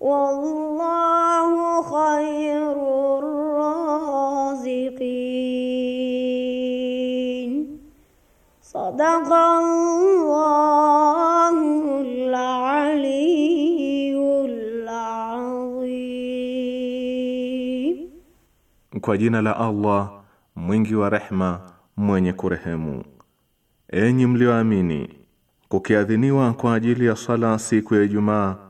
wallahu khairur raziqin sadaqallahul azim kwa jina la Allah mwingi wa rehma mwenye kurehemu enyi mlioamini kukiadhiniwa kwa ajili ya sala siku ya Ijumaa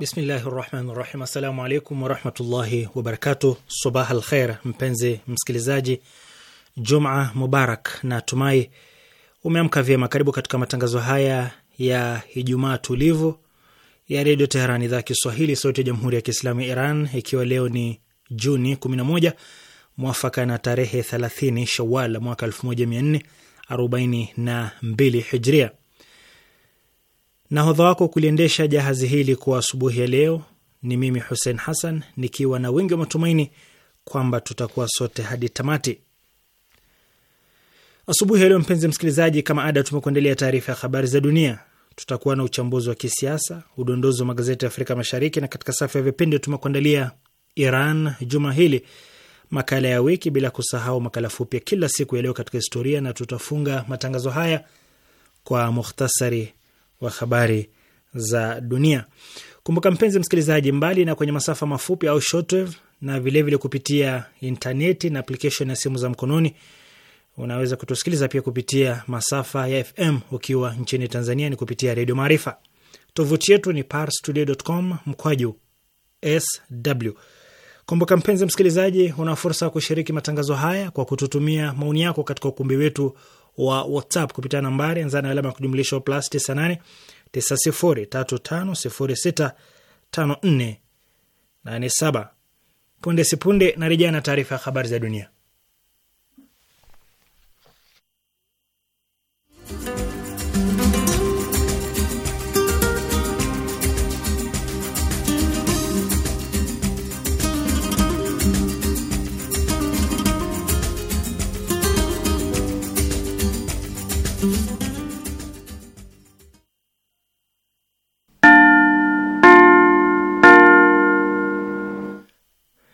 Bismillahi rahmani rahim. Assalamu alaikum warahmatullahi wabarakatuh. Sabah al kheir, mpenzi msikilizaji, Juma Mubarak. na tumai umeamka vyema. Karibu katika matangazo haya ya Ijumaa tulivu ya Redio Teheran, idhaa ya Kiswahili, sauti ya Jamhuri ya Kiislamu ya Iran, ikiwa leo ni Juni 11 mwafaka na tarehe 30 Shawal mwaka 1442 Hijria. Nahodha wako kuliendesha jahazi hili kwa asubuhi ya leo ni mimi Hussein Hassan, nikiwa na wingi wa matumaini kwamba tutakuwa sote hadi tamati asubuhi ya leo. Mpenzi msikilizaji, kama ada, tumekuandalia taarifa ya habari za dunia, tutakuwa na uchambuzi wa kisiasa, udondozi wa magazeti ya Afrika Mashariki, na katika safu ya vipindi tumekuandalia Iran juma hili, makala ya wiki, bila kusahau makala fupi ya kila siku ya leo katika historia, na tutafunga matangazo haya kwa mukhtasari wa habari za dunia. Kumbuka mpenzi msikilizaji, mbali na kwenye masafa mafupi au shortwave, na vilevile vile kupitia intaneti na application ya simu za mkononi, unaweza kutusikiliza pia kupitia masafa ya FM ukiwa nchini Tanzania ni kupitia Redio Maarifa. Tovuti yetu ni parstoday.com mkwaju sw. Kumbuka mpenzi msikilizaji, una fursa ya kushiriki matangazo haya kwa kututumia maoni yako katika ukumbi wetu wa WhatsApp kupitia nambari anza na alama ya kujumlisha plus 98 9035065487. Punde sipunde narejea na taarifa ya habari za dunia.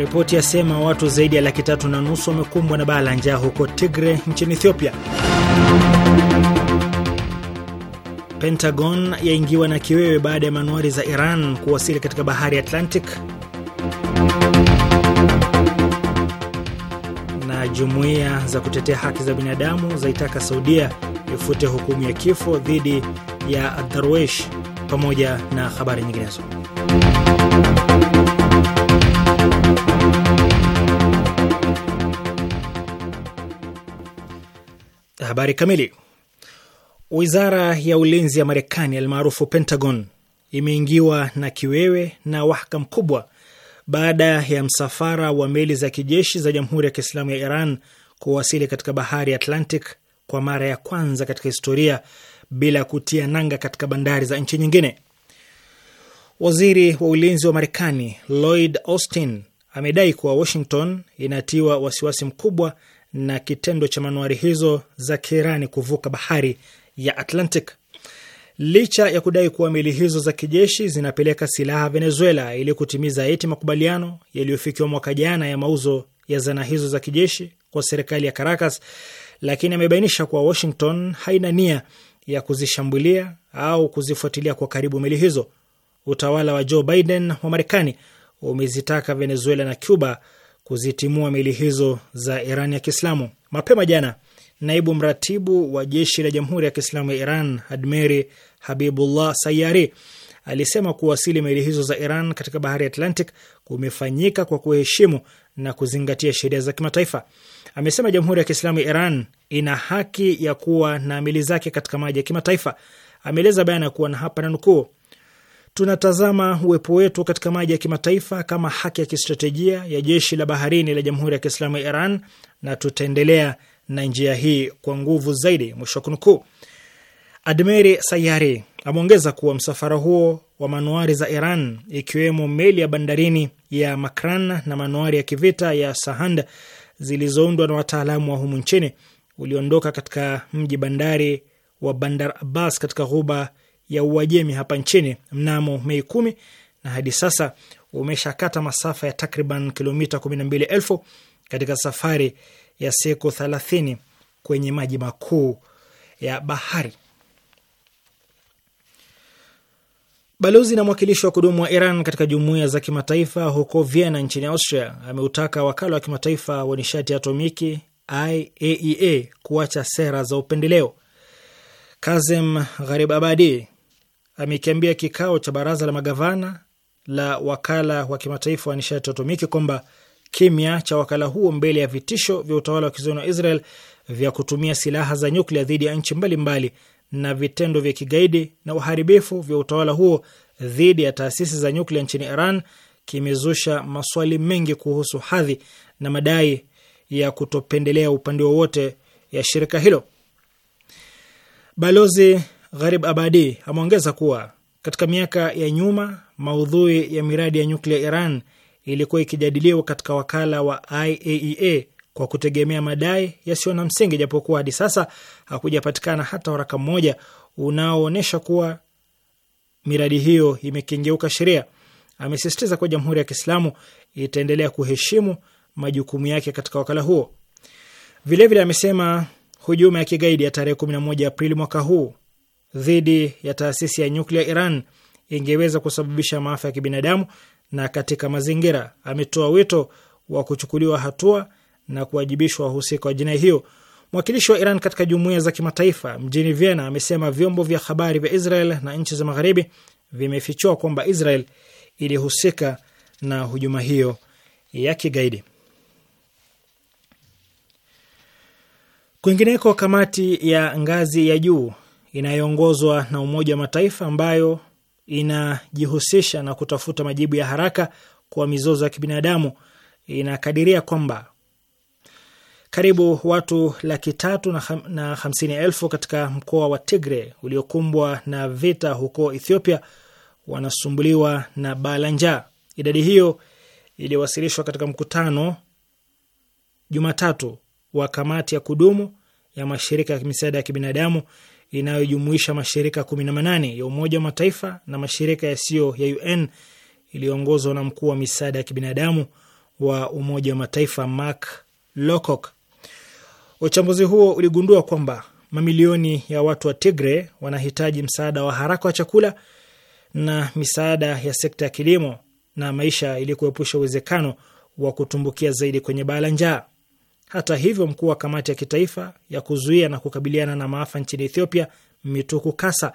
Ripoti yasema watu zaidi ya laki tatu na nusu wamekumbwa na baa la njaa huko Tigre nchini Ethiopia. Pentagon yaingiwa na kiwewe baada ya manuari za Iran kuwasili katika bahari ya Atlantic. Na jumuiya za kutetea haki za binadamu zaitaka Saudia ifute hukumu ya kifo dhidi ya Darwish, pamoja na habari nyinginezo. Habari kamili. Wizara ya ulinzi ya Marekani almaarufu Pentagon imeingiwa na kiwewe na wahaka mkubwa baada ya msafara wa meli za kijeshi za Jamhuri ya Kiislamu ya Iran kuwasili katika bahari ya Atlantic kwa mara ya kwanza katika historia bila kutia nanga katika bandari za nchi nyingine. Waziri wa ulinzi wa Marekani Lloyd Austin amedai kuwa Washington inatiwa wasiwasi mkubwa na kitendo cha manuari hizo za Kiirani kuvuka bahari ya Atlantic. Licha ya kudai kuwa meli hizo za kijeshi zinapeleka silaha Venezuela ili kutimiza eti makubaliano yaliyofikiwa mwaka jana ya mauzo ya zana hizo za kijeshi kwa serikali ya Caracas, lakini amebainisha kuwa Washington haina nia ya kuzishambulia au kuzifuatilia kwa karibu meli hizo. Utawala wa Joe Biden wa Marekani umezitaka Venezuela na Cuba kuzitimua meli hizo za Iran ya Kiislamu. Mapema jana, naibu mratibu wa jeshi la Jamhuri ya Kiislamu ya Iran Admeri Habibullah Sayari alisema kuwasili meli hizo za Iran katika bahari ya Atlantic kumefanyika kwa kuheshimu na kuzingatia sheria za kimataifa. Amesema Jamhuri ya Kiislamu ya Iran ina haki ya kuwa na meli zake katika maji ya kimataifa. Ameeleza bayana kuwa na hapa na nukuu tunatazama uwepo wetu katika maji ya kimataifa kama haki ya kistratejia ya jeshi la baharini la Jamhuri ya Kiislamu ya Iran na tutaendelea na njia hii kwa nguvu zaidi. Mwisho wa kunukuu. Admeri Sayari ameongeza kuwa msafara huo wa manuari za Iran ikiwemo meli ya bandarini ya Makran na manuari ya kivita ya Sahand zilizoundwa na wataalamu wa humu nchini uliondoka katika mji bandari wa Bandar Abbas katika ghuba ya Uajemi hapa nchini mnamo Mei kumi na hadi sasa umeshakata masafa ya takriban kilomita kumi na mbili elfu katika safari ya siku thelathini kwenye maji makuu ya bahari. Balozi na mwakilishi wa kudumu wa Iran katika jumuiya za kimataifa huko Vienna nchini Austria ameutaka wakala wa kimataifa wa nishati ya atomiki IAEA e kuacha sera za upendeleo. Kazem Gharibabadi, amekiambia kikao cha baraza la magavana la wakala wa kimataifa wa nishati atomiki kwamba kimya cha wakala huo mbele ya vitisho vya utawala wa kizayuni wa Israel vya kutumia silaha za nyuklia dhidi ya nchi mbalimbali na vitendo vya kigaidi na uharibifu vya utawala huo dhidi ya taasisi za nyuklia nchini Iran kimezusha maswali mengi kuhusu hadhi na madai ya kutopendelea upande wowote ya shirika hilo. Balozi Gharib Abadi ameongeza kuwa katika miaka ya nyuma maudhui ya miradi ya nyuklia Iran ilikuwa ikijadiliwa katika wakala wa IAEA e kwa kutegemea madai yasiyo na msingi, japokuwa hadi sasa hakujapatikana hata waraka mmoja unaoonyesha kuwa miradi hiyo imekengeuka sheria. Amesisitiza kuwa Jamhuri ya Kiislamu itaendelea kuheshimu majukumu yake katika wakala huo. Vilevile vile amesema hujuma ya kigaidi ya tarehe 11 Aprili mwaka huu dhidi ya taasisi ya nyuklia Iran ingeweza kusababisha maafa ya kibinadamu na katika mazingira. Ametoa wito wa kuchukuliwa hatua na kuwajibishwa wahusika wa jinai hiyo. Mwakilishi wa Iran katika jumuiya za kimataifa mjini Vienna amesema vyombo vya habari vya Israel na nchi za magharibi vimefichua kwamba Israel ilihusika na hujuma hiyo ya kigaidi. Kwingineko, kamati ya ngazi ya juu inayoongozwa na Umoja wa Mataifa ambayo inajihusisha na kutafuta majibu ya haraka kwa mizozo ya kibinadamu inakadiria kwamba karibu watu laki tatu na, hamsini elfu katika mkoa wa Tigre uliokumbwa na vita huko Ethiopia wanasumbuliwa na baa la njaa. Idadi hiyo iliwasilishwa katika mkutano Jumatatu wa kamati ya kudumu ya mashirika ya misaada ya kibinadamu inayojumuisha mashirika 18 ya Umoja wa Mataifa na mashirika yasiyo ya UN iliyoongozwa na mkuu wa misaada ya kibinadamu wa Umoja wa Mataifa Mark Lowcock. Uchambuzi huo uligundua kwamba mamilioni ya watu wa Tigre wanahitaji msaada wa haraka wa chakula na misaada ya sekta ya kilimo na maisha ili kuepusha uwezekano wa kutumbukia zaidi kwenye baa la njaa. Hata hivyo, mkuu wa kamati ya kitaifa ya kuzuia na kukabiliana na maafa nchini Ethiopia, Mituku Kasa,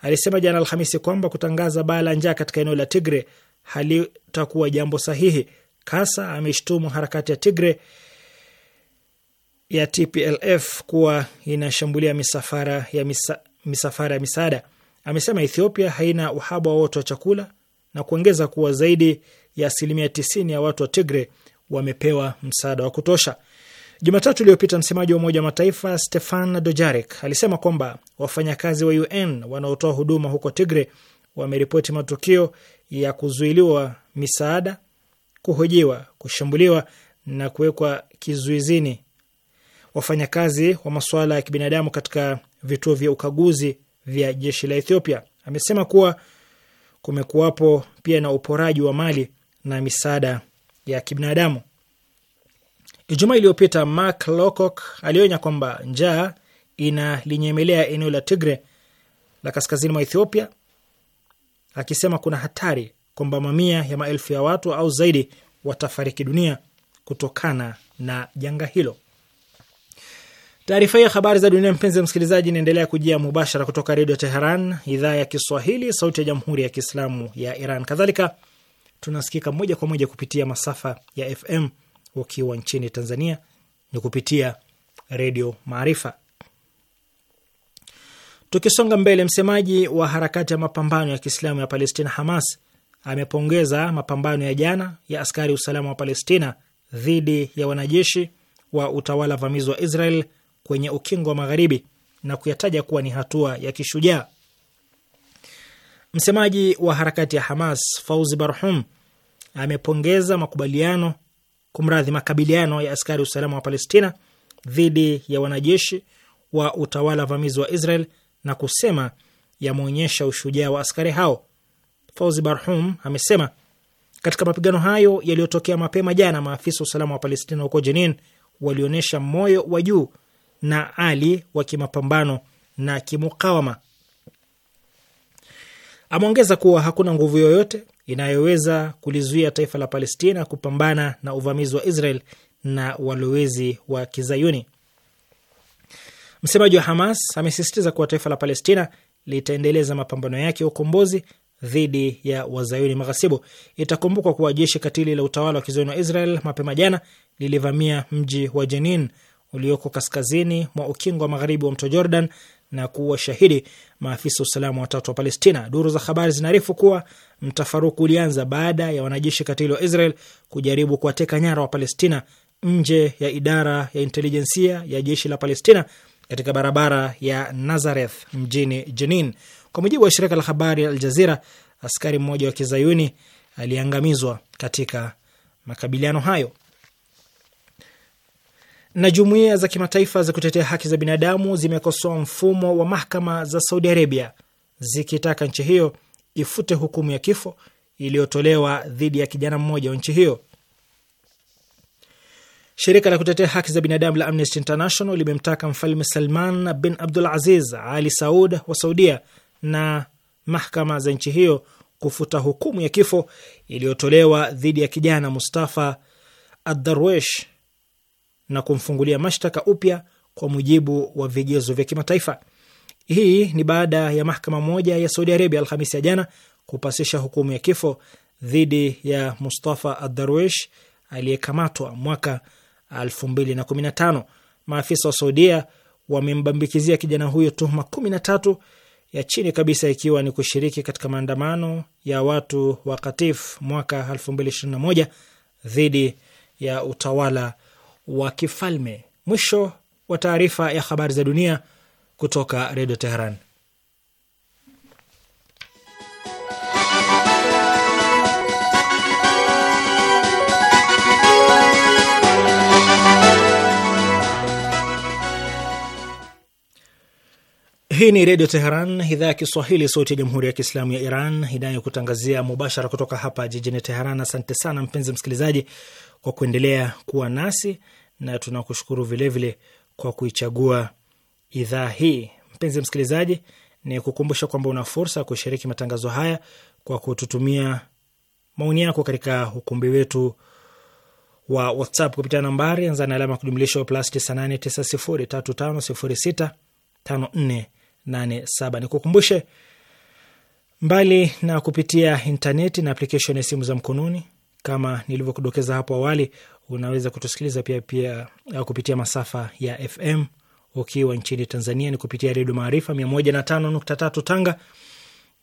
alisema jana Alhamisi kwamba kutangaza baa la njaa katika eneo la Tigre halitakuwa jambo sahihi. Kasa ameshtumu harakati ya Tigre ya TPLF kuwa inashambulia misafara ya, misa, misafara ya misaada. Amesema Ethiopia haina uhaba wowote wa chakula na kuongeza kuwa zaidi ya asilimia tisini ya watu wa Tigre wamepewa msaada wa kutosha. Jumatatu iliyopita msemaji wa Umoja wa Mataifa Stefan Dojarek alisema kwamba wafanyakazi wa UN wanaotoa huduma huko Tigre wameripoti matukio ya kuzuiliwa misaada, kuhojiwa, kushambuliwa na kuwekwa kizuizini wafanyakazi wa masuala ya kibinadamu katika vituo vya ukaguzi vya jeshi la Ethiopia. Amesema kuwa kumekuwapo pia na uporaji wa mali na misaada ya kibinadamu. Ijumaa iliyopita Mark Lowcock alionya kwamba njaa inalinyemelea eneo la Tigre la kaskazini mwa Ethiopia, akisema kuna hatari kwamba mamia ya maelfu ya watu au zaidi watafariki dunia kutokana na janga hilo. Taarifa hii ya habari za dunia, mpenzi msikilizaji, inaendelea kujia mubashara kutoka Redio Teheran, idhaa ya Kiswahili, sauti ya jamhuri ya kiislamu ya Iran. Kadhalika tunasikika moja kwa moja kupitia masafa ya FM ukiwa nchini Tanzania ni kupitia Redio Maarifa. Tukisonga mbele, msemaji wa harakati ya mapambano ya Kiislamu ya Palestina, Hamas, amepongeza mapambano ya jana ya askari usalama wa Palestina dhidi ya wanajeshi wa utawala vamizi wa Israel kwenye ukingo wa Magharibi na kuyataja kuwa ni hatua ya kishujaa. Msemaji wa harakati ya Hamas Fauzi Barhum amepongeza makubaliano kumradhi, makabiliano ya askari usalama wa Palestina dhidi ya wanajeshi wa utawala vamizi wa Israel na kusema yameonyesha ushujaa wa askari hao. Fauzi Barhum amesema katika mapigano hayo yaliyotokea mapema jana, maafisa wa usalama wa Palestina huko Jenin walionyesha moyo wa juu na ali wa kimapambano na kimukawama. Ameongeza kuwa hakuna nguvu yoyote inayoweza kulizuia taifa la Palestina kupambana na uvamizi wa Israel na walowezi wa Kizayuni. Msemaji wa Hamas amesisitiza kuwa taifa la Palestina litaendeleza mapambano yake ya ukombozi dhidi ya wazayuni maghasibu. Itakumbukwa kuwa jeshi katili la utawala wa kizayuni wa Israel mapema jana lilivamia mji wa Jenin ulioko kaskazini mwa ukingo wa magharibi wa mto Jordan na kuwa shahidi maafisa usalama watatu wa Palestina. Duru za habari zinaarifu kuwa Mtafaruku ulianza baada ya wanajeshi katili wa Israel kujaribu kuwateka nyara wa Palestina nje ya idara ya intelijensia ya jeshi la Palestina katika barabara ya Nazareth mjini Jenin. Kwa mujibu wa shirika la habari la Aljazira, askari mmoja wa kizayuni aliangamizwa katika makabiliano hayo. Na jumuiya za kimataifa za kutetea haki za binadamu zimekosoa mfumo wa mahakama za Saudi Arabia zikitaka nchi hiyo ifute hukumu ya kifo iliyotolewa dhidi ya kijana mmoja wa nchi hiyo. Shirika la kutetea haki za binadamu la Amnesty International limemtaka Mfalme Salman bin Abdul Aziz Ali Saud wa Saudia na mahakama za nchi hiyo kufuta hukumu ya kifo iliyotolewa dhidi ya kijana Mustafa Adarwesh na kumfungulia mashtaka upya kwa mujibu wa vigezo vya kimataifa. Hii ni baada ya mahakama moja ya Saudi Arabia Alhamisi ya jana kupasisha hukumu ya kifo dhidi ya Mustafa Adarwish aliyekamatwa mwaka 2015. Maafisa wa Saudia wamembambikizia kijana huyo tuhuma 13 ya chini kabisa ikiwa ni kushiriki katika maandamano ya watu wa Katif mwaka 2021 dhidi ya utawala wa kifalme. Mwisho wa taarifa ya habari za dunia kutoka Redio Teheran. Hii ni Redio Teheran, idhaa ya Kiswahili, sauti ya Jamhuri ya Kiislamu ya Iran inayokutangazia mubashara kutoka hapa jijini Teheran. Asante sana mpenzi msikilizaji kwa kuendelea kuwa nasi na tunakushukuru vilevile kwa kuichagua idhaa hii. Mpenzi msikilizaji, ni kukumbusha kwamba una fursa ya kushiriki matangazo haya kwa kututumia maoni yako katika ukumbi wetu wa WhatsApp kupitia nambari anza na alama ya kujumlisha plus 989035065487. kukumbushe mbali na kupitia intaneti na aplikeshon ya simu za mkononi kama nilivyokudokeza hapo awali, unaweza kutusikiliza pia pia kupitia masafa ya FM ukiwa nchini Tanzania ni kupitia Redio Maarifa 105.3 Tanga,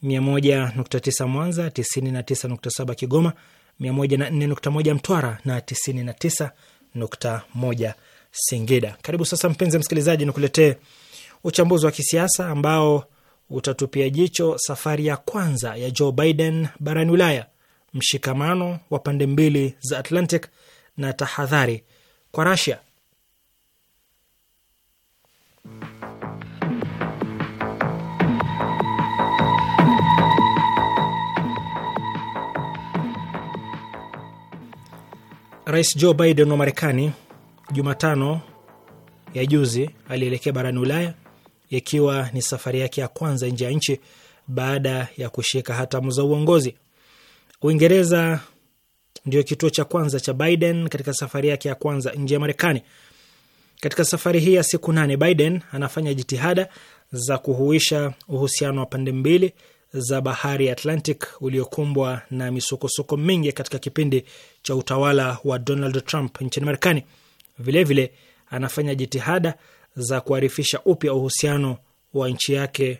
101.9 Mwanza, 99.7 Kigoma, 104.1 Mtwara na 99.1 Singida. Karibu sasa, mpenzi msikilizaji, nikuletee uchambuzi wa kisiasa ambao utatupia jicho safari ya kwanza ya Joe Biden barani Ulaya, mshikamano wa pande mbili za Atlantic na tahadhari kwa Russia. Rais Joe Biden wa Marekani Jumatano ya juzi alielekea barani Ulaya ikiwa ni safari yake ya kwanza nje ya nchi baada ya kushika hatamu za uongozi. Uingereza ndio kituo cha kwanza cha Biden katika safari yake ya kwanza nje ya Marekani. Katika safari hii ya siku nane, Biden anafanya jitihada za kuhuisha uhusiano wa pande mbili za bahari ya Atlantic uliokumbwa na misukosuko mingi katika kipindi cha utawala wa Donald Trump nchini Marekani. Vilevile anafanya jitihada za kuarifisha upya uhusiano wa nchi yake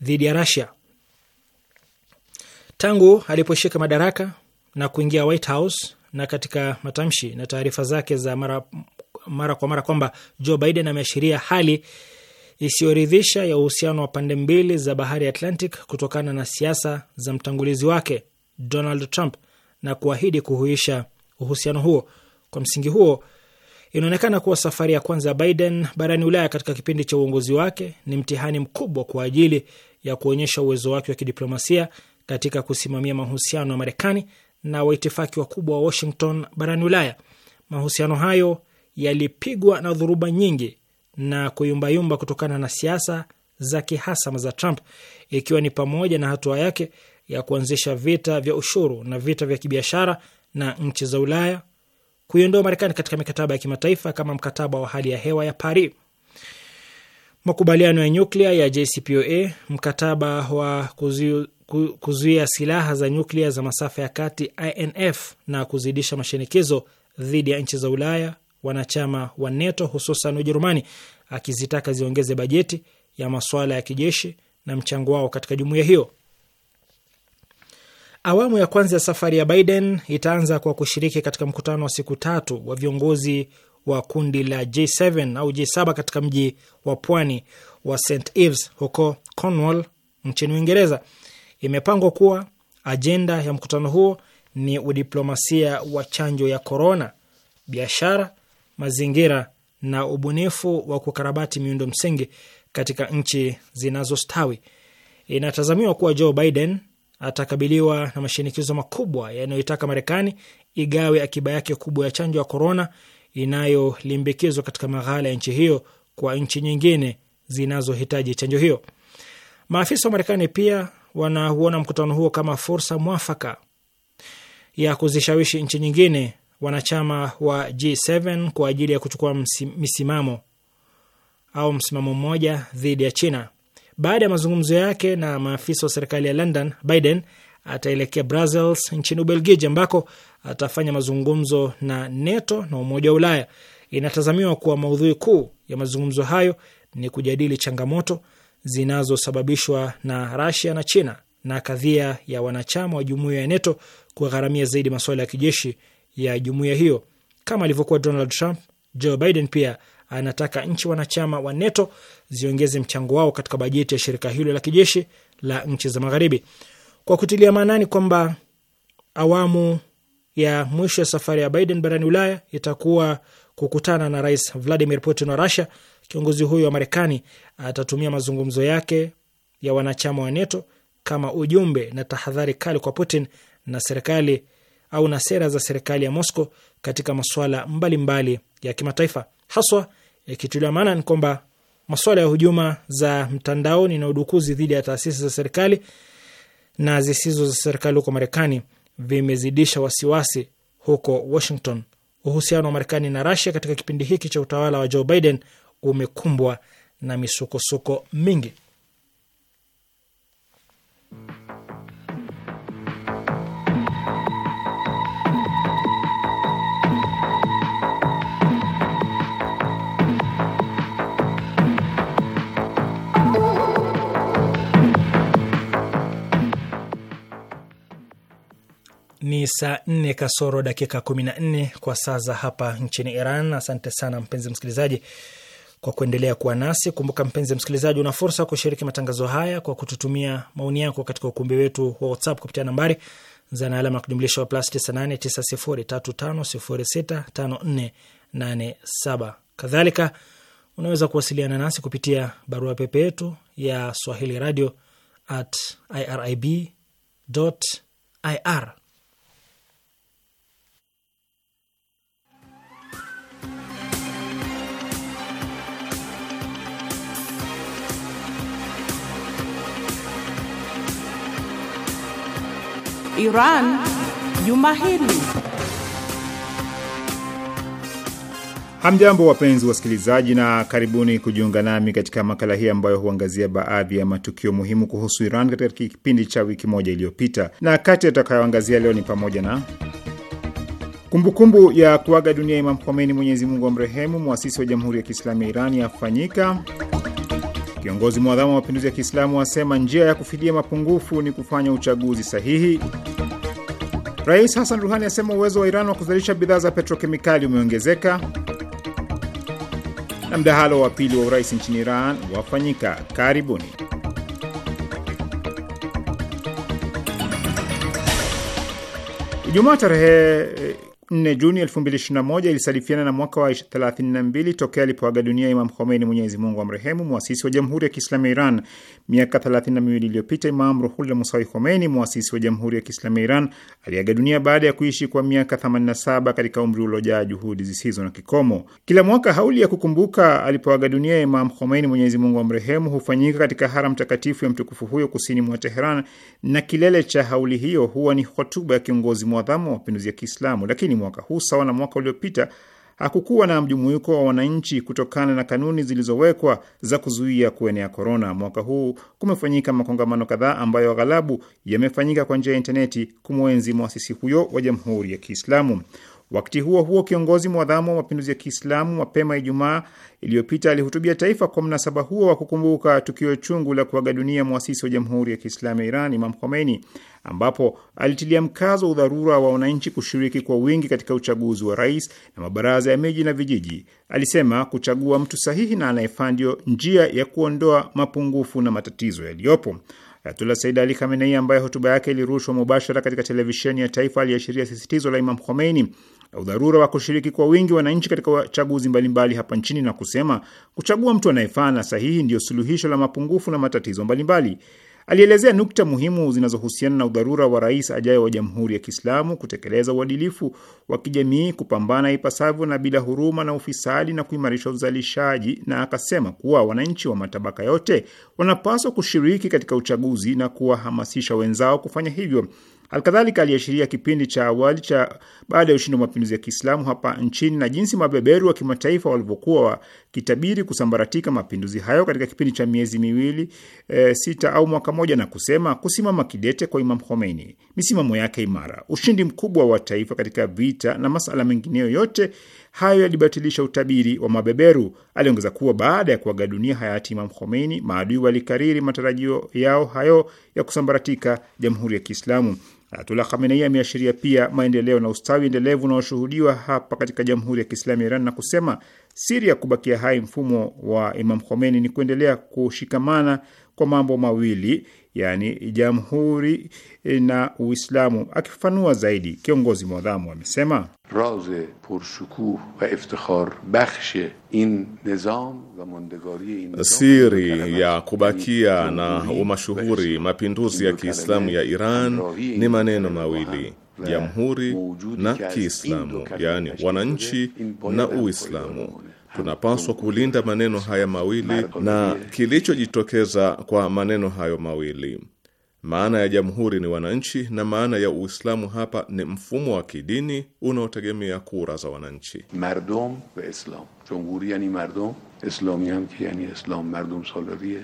dhidi ya Russia. Tangu aliposhika madaraka na kuingia White House, na katika matamshi na taarifa zake za mara, mara kwa mara kwamba Joe Biden ameashiria hali isiyoridhisha ya uhusiano wa pande mbili za bahari Atlantic kutokana na siasa za mtangulizi wake Donald Trump na kuahidi kuhuisha uhusiano huo. Kwa msingi huo, inaonekana kuwa safari ya kwanza ya Biden barani Ulaya katika kipindi cha uongozi wake ni mtihani mkubwa kwa ajili ya kuonyesha uwezo wake wa kidiplomasia katika kusimamia mahusiano ya Marekani na waitifaki wakubwa wa Washington barani Ulaya. Mahusiano hayo yalipigwa na dhuruba nyingi na kuyumbayumba kutokana na siasa za kihasama za Trump, ikiwa ni pamoja na hatua yake ya kuanzisha vita vya ushuru na vita vya kibiashara na nchi za Ulaya, kuiondoa Marekani katika mikataba ya kimataifa kama mkataba wa hali ya hewa ya Paris, makubaliano ya nyuklia ya JCPOA, mkataba wa kuzuia silaha za nyuklia za masafa ya kati INF, na kuzidisha mashinikizo dhidi ya nchi za Ulaya wanachama wa NATO hususan Ujerumani, akizitaka ziongeze bajeti ya masuala ya kijeshi na mchango wao katika jumuiya hiyo. Awamu ya kwanza ya safari ya Biden itaanza kwa kushiriki katika mkutano wa siku tatu wa viongozi wa kundi la G7 au G7 katika mji wa pwani wa St Ives huko Cornwall nchini Uingereza. Imepangwa kuwa ajenda ya mkutano huo ni udiplomasia wa chanjo ya korona, biashara mazingira na ubunifu wa kukarabati miundo msingi katika nchi zinazostawi. Inatazamiwa kuwa Joe Biden atakabiliwa na mashinikizo makubwa yanayoitaka Marekani igawe akiba yake kubwa ya chanjo ya korona inayolimbikizwa katika maghala ya nchi hiyo kwa nchi nyingine zinazohitaji chanjo hiyo. Maafisa wa Marekani pia wanauona mkutano huo kama fursa mwafaka ya kuzishawishi nchi nyingine wanachama wa G7 kwa ajili ya kuchukua misimamo au msimamo mmoja dhidi ya China. Baada ya mazungumzo yake na maafisa wa serikali ya London, Biden ataelekea Brussels nchini Ubelgiji, ambako atafanya mazungumzo na NATO na Umoja wa Ulaya. Inatazamiwa kuwa maudhui kuu ya mazungumzo hayo ni kujadili changamoto zinazosababishwa na Rasia na China na kadhia ya wanachama wa jumuiya ya NATO kugharamia zaidi masuala ya kijeshi ya jumuiya hiyo. Kama alivyokuwa Donald Trump, Joe Biden pia anataka nchi wanachama wa NATO ziongeze mchango wao katika bajeti ya shirika hilo la kijeshi la nchi za Magharibi, kwa kutilia maanani kwamba awamu ya mwisho ya safari ya Biden barani Ulaya itakuwa kukutana na Rais Vladimir Putin wa Russia. Kiongozi huyo wa Marekani atatumia mazungumzo yake ya wanachama wa NATO kama ujumbe na tahadhari kali kwa Putin na serikali au na sera za serikali ya Moscow katika masuala mbalimbali ya kimataifa, haswa yakitulia maana ni kwamba masuala ya hujuma za mtandaoni na udukuzi dhidi ya taasisi za serikali na zisizo za serikali huko Marekani vimezidisha wasiwasi huko Washington. Uhusiano wa Marekani na rasia katika kipindi hiki cha utawala wa Joe Biden umekumbwa na misukosuko mingi. ni saa nne kasoro dakika kumi na nne kwa saa za hapa nchini Iran. Asante sana mpenzi msikilizaji kwa kuendelea kuwa nasi. Kumbuka mpenzi msikilizaji, una fursa kushiriki matangazo haya kwa kututumia maoni yako katika ukumbi wetu wa WhatsApp kupitia nambari na alama ya kujumlisha wa plus 989035065487. Kadhalika unaweza kuwasiliana nasi kupitia barua pepe yetu ya swahili radio at irib ir Iran juma hili. Hamjambo, wapenzi wasikilizaji, na karibuni kujiunga nami katika makala hii ambayo huangazia baadhi ya matukio muhimu kuhusu Iran katika kipindi cha wiki moja iliyopita, na kati yatakayoangazia leo ni pamoja na kumbukumbu kumbu ya kuaga dunia Imam Khomeini, Mwenyezi Mungu amrehemu, mwasisi wa Jamhuri ya Kiislamu ya Iran yafanyika Kiongozi mwadhamu wa mapinduzi ya Kiislamu asema njia ya kufidia mapungufu ni kufanya uchaguzi sahihi. Rais Hassan Ruhani asema uwezo wa Iran wa kuzalisha bidhaa za petrokemikali umeongezeka. Na mdahalo wa pili wa urais nchini Iran wafanyika karibuni. Ijumaa tarehe 4 Juni 2021 ilisadifiana na mwaka wa 32 tokea alipoaga dunia Imam Khomeini, Mwenyezi Mungu amrehemu, mwasisi wa Jamhuri ya Kiislamu ya Iran. Miaka 32 iliyopita, Imam Ruhullah Musawi Khomeini, mwasisi wa Jamhuri ya Kiislamu ya Iran, aliaga dunia baada ya kuishi kwa miaka 87 katika umri uliojaa juhudi zisizo na kikomo. Kila mwaka hauli ya kukumbuka alipoaga dunia Imam Khomeini, Mwenyezi Mungu amrehemu, hufanyika katika haram takatifu ya mtukufu huyo kusini mwa Teheran, na kilele cha hauli hiyo huwa ni hotuba ya kiongozi mwadhamu wa mapinduzi ya Kiislamu lakini mwaka huu, sawa na mwaka uliopita, hakukuwa na mjumuiko wa wananchi kutokana na kanuni zilizowekwa za kuzuia kuenea korona. Mwaka huu kumefanyika makongamano kadhaa ambayo aghalabu yamefanyika kwa njia ya intaneti kumwenzi mwasisi huyo wa Jamhuri ya Kiislamu. Wakati huo huo, kiongozi mwadhamu wa mapinduzi ya Kiislamu mapema Ijumaa iliyopita alihutubia taifa kwa mnasaba huo wa kukumbuka tukio chungu la kuaga dunia mwasisi wa Jamhuri ya Kiislamu ya Iran, Imam Khomeini, ambapo alitilia mkazo wa udharura wa wananchi kushiriki kwa wingi katika uchaguzi wa rais na mabaraza ya miji na vijiji. Alisema kuchagua mtu sahihi na anayefaa ndio njia ya kuondoa mapungufu na matatizo yaliyopo. Ayatullah Said Ali Khamenei, ambaye hotuba yake ilirushwa mubashara katika televisheni ya taifa, aliashiria sisitizo la Imam Khomeini na udharura wa kushiriki kwa wingi wananchi katika chaguzi mbalimbali hapa nchini na kusema kuchagua mtu anayefaa na sahihi ndiyo suluhisho la mapungufu na matatizo mbalimbali. Alielezea nukta muhimu zinazohusiana na udharura wa rais ajayo wa Jamhuri ya Kiislamu kutekeleza uadilifu wa kijamii, kupambana ipasavyo na bila huruma na ufisadi na kuimarisha uzalishaji, na akasema kuwa wananchi wa matabaka yote wanapaswa kushiriki katika uchaguzi na kuwahamasisha wenzao kufanya hivyo. Alkadhalika aliashiria kipindi cha awali cha baada ya ushindi wa mapinduzi ya Kiislamu hapa nchini na jinsi mabeberu wa kimataifa walivyokuwa wakitabiri kusambaratika mapinduzi hayo katika kipindi cha miezi miwili e, sita au mwaka moja, na kusema kusimama kidete kwa Imam Khomeini, misimamo yake imara, ushindi mkubwa wa taifa katika vita na masala mengineyo, yote hayo yalibatilisha utabiri wa mabeberu. Aliongeza kuwa baada ya kuaga dunia hayati Imam Khomeini, maadui walikariri matarajio yao hayo ya kusambaratika jamhuri ya Kiislamu. Ayatullah Khamenei ameashiria pia maendeleo na ustawi endelevu unaoshuhudiwa hapa katika Jamhuri ya Kiislamu ya Iran na kusema siri ya kubakia hai mfumo wa Imam Khomeini ni kuendelea kushikamana kwa mambo mawili yani jamhuri na Uislamu. Akifafanua zaidi, kiongozi mwadhamu amesema raze purshukuh in nizam mondegari in siri ya kubakia na umashuhuri mapinduzi ya Kiislamu ya Iran ni maneno mawili jamhuri na Kiislamu, yani wananchi na Uislamu Tunapaswa kulinda maneno haya mawili na kilichojitokeza kwa maneno hayo mawili. Maana ya jamhuri ni wananchi na maana ya Uislamu hapa ni mfumo wa kidini unaotegemea kura za wananchi. mardom islam jamhuri yani mardom yani islam mardom salariye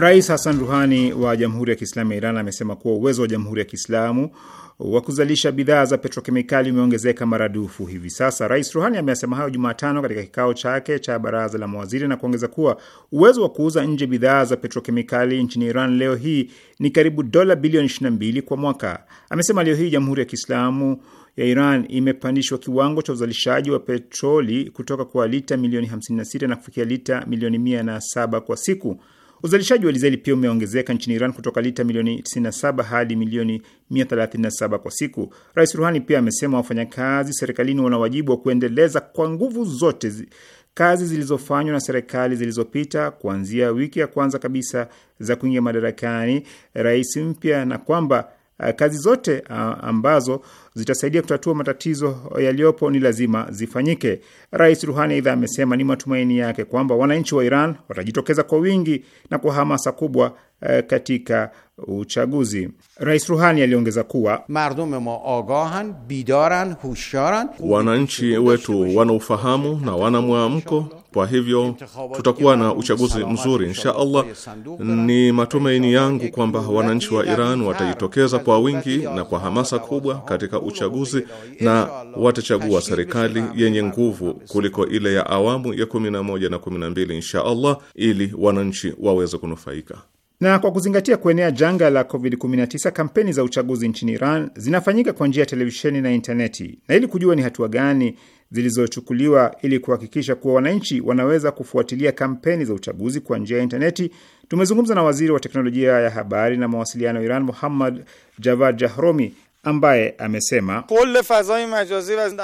Rais Hassan Ruhani wa Jamhuri ya Kiislamu ya Iran amesema kuwa uwezo wa Jamhuri ya Kiislamu wa kuzalisha bidhaa za petrokemikali umeongezeka maradufu hivi sasa. Rais Ruhani ameasema hayo Jumatano katika kikao chake cha baraza la mawaziri na kuongeza kuwa uwezo wa kuuza nje bidhaa za petrokemikali nchini Iran leo hii ni karibu dola bilioni 22 kwa mwaka. Amesema leo hii Jamhuri ya Kiislamu ya Iran imepandishwa kiwango cha uzalishaji wa petroli kutoka kwa lita milioni 56 na kufikia lita milioni 107 kwa siku. Uzalishaji wa dizeli pia umeongezeka nchini Iran kutoka lita milioni 97 hadi milioni 137 kwa siku. Rais Ruhani pia amesema wafanyakazi serikalini wana wajibu wa kuendeleza kwa nguvu zote zi, kazi zilizofanywa na serikali zilizopita kuanzia wiki ya kwanza kabisa za kuingia madarakani rais mpya, na kwamba Eh, kazi zote eh, ambazo zitasaidia kutatua matatizo yaliyopo ni lazima zifanyike. Rais Ruhani aidha amesema ni matumaini yake kwamba wananchi wa Iran watajitokeza kwa wingi na kwa hamasa kubwa Eh, katika uchaguzi. Rais Ruhani aliongeza kuwa wananchi wetu wana ufahamu na wana mwamko, kwa hivyo tutakuwa na uchaguzi mzuri insha Allah. Ni matumaini yangu kwamba wananchi wa Iran watajitokeza kwa wingi na kwa hamasa kubwa katika uchaguzi na watachagua serikali yenye nguvu kuliko ile ya awamu ya 11 na 12 insha Allah, ili wananchi waweze kunufaika. Na kwa kuzingatia kuenea janga la COVID-19, kampeni za uchaguzi nchini Iran zinafanyika kwa njia ya televisheni na intaneti, na ili kujua ni hatua gani zilizochukuliwa ili kuhakikisha kuwa wananchi wanaweza kufuatilia kampeni za uchaguzi kwa njia ya intaneti, tumezungumza na waziri wa teknolojia ya habari na mawasiliano wa Iran, Muhammad Javad Jahromi, ambaye amesema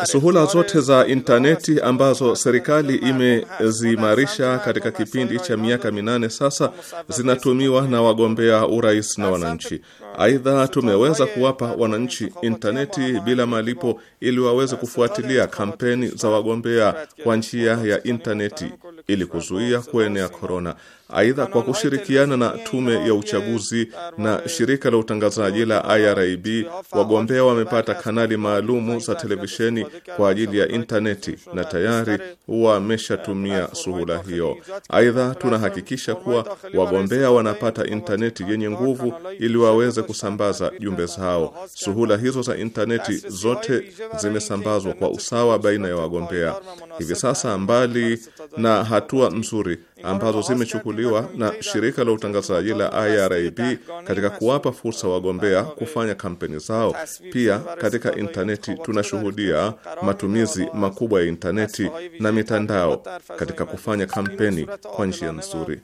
suhula zote za intaneti ambazo serikali imeziimarisha katika kipindi cha miaka minane sasa zinatumiwa na wagombea urais na wananchi. Aidha, tumeweza kuwapa wananchi intaneti bila malipo ili waweze kufuatilia kampeni za wagombea kwa njia ya intaneti ili kuzuia kuenea korona. Aidha, kwa kushirikiana na tume ya uchaguzi na shirika la utangazaji la IRIB, wagombea wamepata kanali maalumu za televisheni kwa ajili ya intaneti na tayari wameshatumia suhula hiyo. Aidha, tunahakikisha kuwa wagombea wanapata intaneti yenye nguvu ili waweze kusambaza jumbe zao. Suhula hizo za intaneti zote zimesambazwa kwa usawa baina ya wagombea. Hivi sasa, mbali na hatua nzuri ambazo zimechukuliwa na shirika la utangazaji la IRIB katika kuwapa fursa wagombea kufanya kampeni zao. Pia katika intaneti tunashuhudia matumizi makubwa ya intaneti na mitandao katika kufanya kampeni kwa njia nzuri.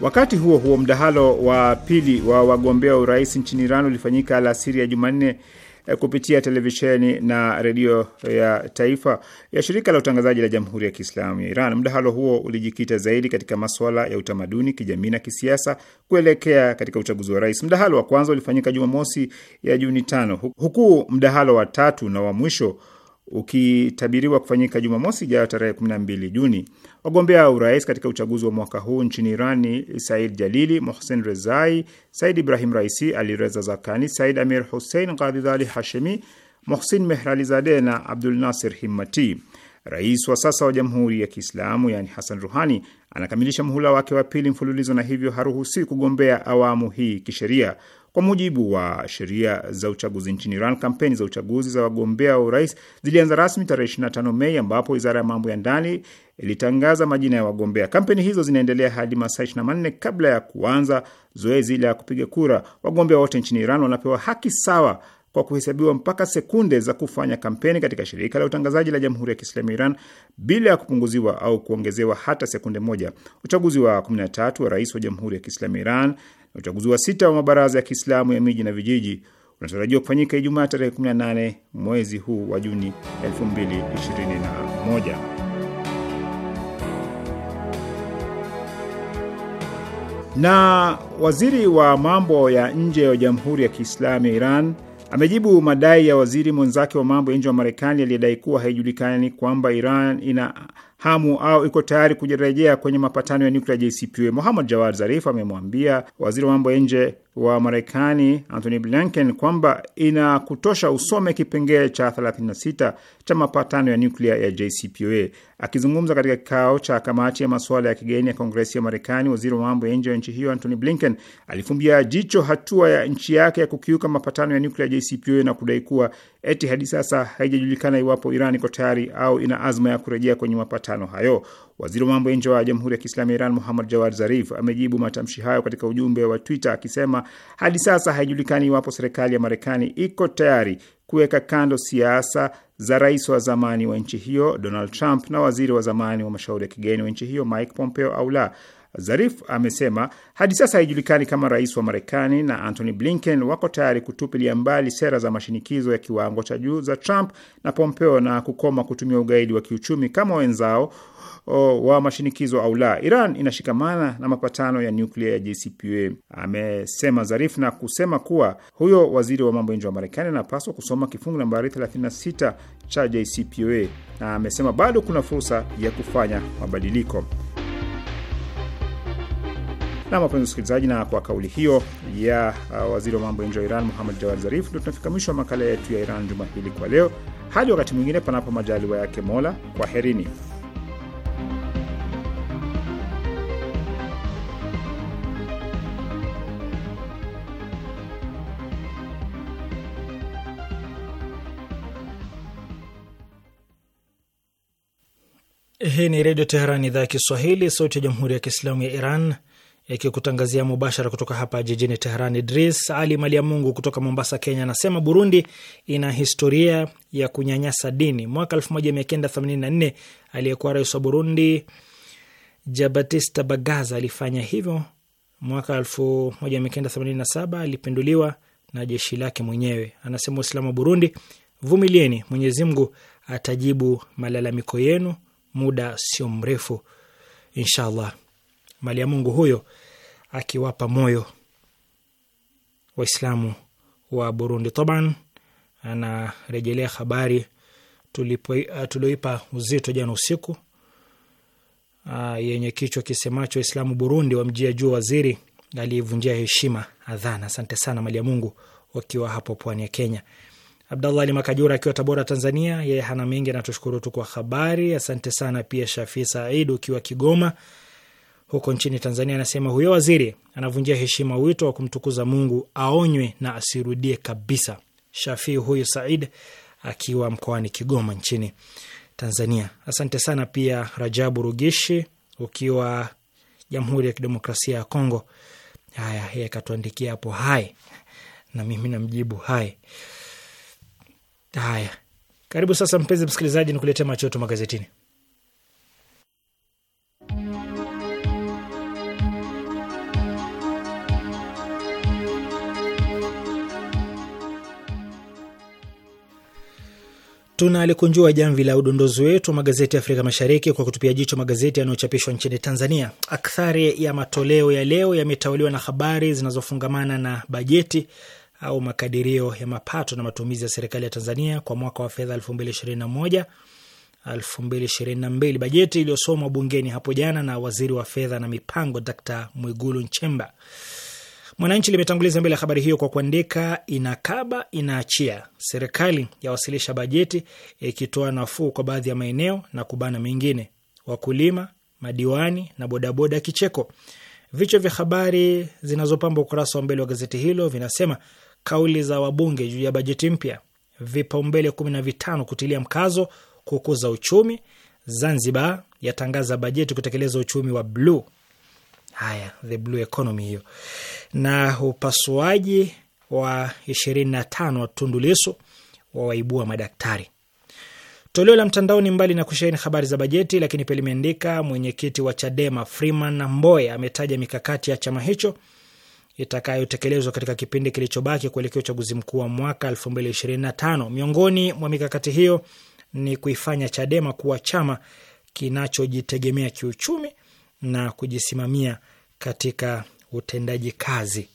Wakati huo huo, mdahalo wa pili wa wagombea urais nchini Iran ulifanyika alasiri ya Jumanne Eh, kupitia televisheni na redio ya taifa ya shirika la utangazaji la Jamhuri ya Kiislamu ya Iran. Mdahalo huo ulijikita zaidi katika maswala ya utamaduni, kijamii na kisiasa kuelekea katika uchaguzi wa rais. Mdahalo wa kwanza ulifanyika Jumamosi ya Juni tano, huku mdahalo wa tatu na wa mwisho ukitabiriwa kufanyika Jumamosi ijayo tarehe 12 Juni. Wagombea wa urais katika uchaguzi wa mwaka huu nchini Iran ni Said Jalili, Mohsen Rezai, Said Ibrahim Raisi, Ali Reza Zakani, Said Amir Hussein Qadhidhali Hashemi, Mohsin zade na Abdul Nasir Himmati. Rais wa sasa wa Jamhuri ya Kiislamu yani Hassan Ruhani anakamilisha muhula wake wa pili mfululizo na hivyo haruhusi kugombea awamu hii kisheria. Kwa mujibu wa sheria za uchaguzi nchini Iran, kampeni za uchaguzi za wagombea wa urais zilianza rasmi tarehe 25 Mei, ambapo wizara ya mambo ya ndani ilitangaza majina ya wagombea. Kampeni hizo zinaendelea hadi masaa 24 kabla ya kuanza zoezi la kupiga kura. Wagombea wote nchini Iran wanapewa haki sawa kwa kuhesabiwa mpaka sekunde za kufanya kampeni katika shirika la utangazaji la Jamhuri ya Kiislamu Iran bila ya kupunguziwa au kuongezewa hata sekunde moja. Uchaguzi wa 13 wa rais wa Jamhuri ya Kiislamu Iran na uchaguzi wa sita wa mabaraza ya Kiislamu ya miji na vijiji unatarajiwa kufanyika Ijumaa tarehe 18 mwezi huu wa Juni 2021. Na waziri wa mambo ya nje wa Jamhuri ya Kiislamu ya Iran amejibu madai ya waziri mwenzake wa mambo ya nje wa Marekani aliyedai kuwa haijulikani kwamba Iran ina hamu au iko tayari kujirejea kwenye mapatano ya nuklia JCPOA. Muhammad Jawad Zarif amemwambia waziri wa mambo ya nje wa Marekani Antony Blinken kwamba inakutosha usome kipengele cha 36 cha mapatano ya nuklia ya JCPOA. Akizungumza katika kikao cha kamati ya masuala ya kigeni ya Kongresi ya Marekani, waziri wa mambo ya nje wa nchi hiyo Antony Blinken alifumbia jicho hatua ya nchi yake ya kukiuka mapatano ya nuklia JCPOA na kudai kuwa eti hadi sasa haijajulikana iwapo Iran iko tayari au ina azma ya kurejea kwenye mapatano hayo. Waziri wa mambo ya nje wa Jamhuri ya Kiislamu ya Iran Muhammad Jawad Zarif amejibu matamshi hayo katika ujumbe wa Twitter akisema hadi sasa haijulikani iwapo serikali ya Marekani iko tayari kuweka kando siasa za rais wa zamani wa nchi hiyo Donald Trump na waziri wa zamani wa mashauri ya kigeni wa nchi hiyo Mike Pompeo au la. Zarif amesema hadi sasa haijulikani kama rais wa Marekani na Antony Blinken wako tayari kutupilia mbali sera za mashinikizo ya kiwango cha juu za Trump na Pompeo na kukoma kutumia ugaidi wa kiuchumi kama wenzao O, wa mashinikizo au la. Iran inashikamana na mapatano ya nyuklia ya JCPOA, amesema Zarif na kusema kuwa huyo waziri wa mambo ya nje wa Marekani anapaswa kusoma kifungu nambari 36 cha JCPOA, na amesema bado kuna fursa ya kufanya mabadiliko. Na wapenzi wasikilizaji, na kwa kauli hiyo ya uh, waziri wa mambo ya nje wa Iran Muhammad Jawad Zarif, ndio tunafika mwisho wa makala yetu ya Iran juma hili kwa leo. Hadi wakati mwingine, panapo majaliwa yake Mola, kwaherini. Hii ni Redio Teheran, idhaa ya Kiswahili, sauti ya Jamhuri ya Kiislamu ya Iran yakikutangazia mubashara kutoka hapa jijini Teheran. Idris Ali Mali ya Mungu kutoka Mombasa, Kenya, anasema Burundi ina historia ya kunyanyasa dini. Mwaka 1984 aliyekuwa rais wa Burundi Jabatista Bagaza alifanya hivyo. Mwaka 1987 alipinduliwa na jeshi lake mwenyewe. Anasema Waislamu wa Burundi, vumilieni, Mwenyezi Mungu atajibu malalamiko yenu muda sio mrefu, inshallah mali ya Mungu huyo akiwapa moyo Waislamu wa Burundi. Taban anarejelea habari tulioipa uzito jana usiku a, ah, yenye kichwa kisemacho Waislamu Burundi wamjia juu waziri aliyevunjia heshima adhana. Asante sana mali ya Mungu wakiwa hapo pwani ya Kenya. Abdallah Ali Makajura akiwa Tabora, Tanzania, yeye hana mengi, anatushukuru tu kwa habari. Asante sana pia Shafi Said ukiwa Kigoma huko nchini Tanzania, anasema huyo waziri anavunjia heshima wito wa kumtukuza Mungu, aonywe na asirudie kabisa. Shafii huyu Said akiwa mkoani Kigoma nchini Tanzania. Asante sana pia Rajabu Rugishi ukiwa Jamhuri ya Kidemokrasia ya Kongo. Haya, yeye hapo hai, na mimi namjibu hai. Haya, karibu sasa, mpenzi msikilizaji, nikuletea macho yetu magazetini. Tunalikunjua jamvi la udondozi wetu wa magazeti ya Afrika Mashariki kwa kutupia jicho magazeti yanayochapishwa nchini Tanzania. Akthari ya matoleo ya leo yametawaliwa na habari zinazofungamana na bajeti au makadirio ya mapato na matumizi ya serikali ya Tanzania kwa mwaka wa fedha 2021 2022, bajeti iliyosomwa bungeni hapo jana na waziri wa fedha na mipango dr Mwigulu Nchemba. Mwananchi limetanguliza mbele ya habari hiyo kwa kuandika, inakaba inaachia, serikali yawasilisha bajeti ikitoa nafuu kwa baadhi ya maeneo na kubana mengine, wakulima, madiwani na bodaboda kicheko. Vichwa vya habari zinazopamba ukurasa wa mbele wa gazeti hilo vinasema kauli za wabunge juu ya bajeti mpya, vipaumbele kumi na vitano kutilia mkazo kukuza uchumi, Zanzibar yatangaza bajeti kutekeleza uchumi wa bluu Haya, the blue economy hiyo. Na upasuaji wa ishirini na tano wa Tundu Lissu wawaibua madaktari. Toleo la mtandaoni, mbali na kusheheni habari za bajeti, lakini pia limeandika mwenyekiti wa Chadema Freeman Mbowe ametaja mikakati ya chama hicho itakayotekelezwa katika kipindi kilichobaki kuelekea uchaguzi mkuu wa mwaka 2025. Miongoni mwa mikakati hiyo ni kuifanya Chadema kuwa chama kinachojitegemea kiuchumi na kujisimamia katika utendaji kazi.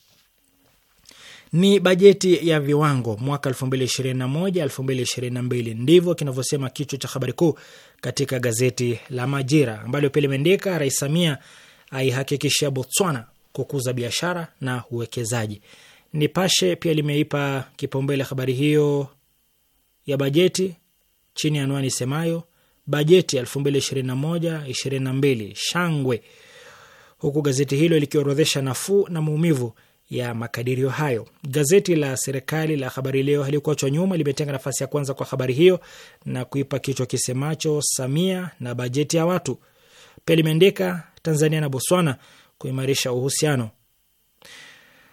Ni bajeti ya viwango mwaka 2021 2022, ndivyo kinavyosema kichwa cha habari kuu katika gazeti la Majira, ambalo pia limeandika Rais Samia aihakikishia Botswana kukuza biashara na uwekezaji. Nipashe pia limeipa kipaumbele habari hiyo ya bajeti chini ya anwani semayo bajeti ya 2021 2022 shangwe, huku gazeti hilo likiorodhesha nafuu na maumivu ya makadirio hayo. Gazeti la serikali la Habari Leo halikuachwa nyuma, limetenga nafasi ya kwanza kwa habari hiyo na kuipa kichwa kisemacho Samia na bajeti ya watu. Pia limeandika Tanzania na Botswana kuimarisha uhusiano.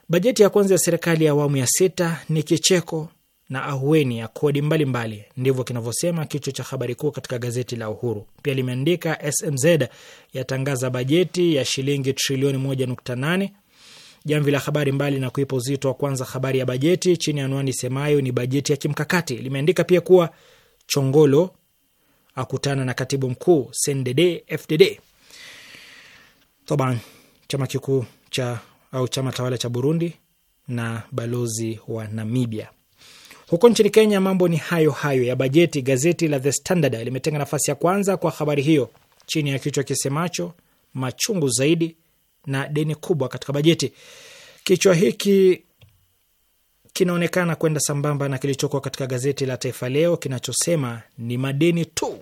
Bajeti ya kwanza ya serikali ya awamu ya sita ni kicheko na ahueni ya kodi mbalimbali, ndivyo kinavyosema kichwa cha habari kuu katika gazeti la Uhuru. Pia limeandika SMZ yatangaza bajeti ya shilingi trilioni 1.8. Jamvi la Habari, mbali na kuipa uzito wa kwanza habari ya bajeti chini ya anwani semayo ni bajeti ya kimkakati, limeandika pia kuwa Chongolo akutana na katibu mkuu CNDD FDD. Toban, chama kikuu cha au chama tawala cha Burundi na balozi wa Namibia huko nchini Kenya mambo ni hayo hayo ya bajeti. Gazeti la The Standard limetenga nafasi ya kwanza kwa habari hiyo chini ya kichwa kisemacho machungu zaidi na deni kubwa katika bajeti. Kichwa hiki kinaonekana kwenda sambamba na kilichokuwa katika gazeti la Taifa Leo kinachosema ni madeni tu.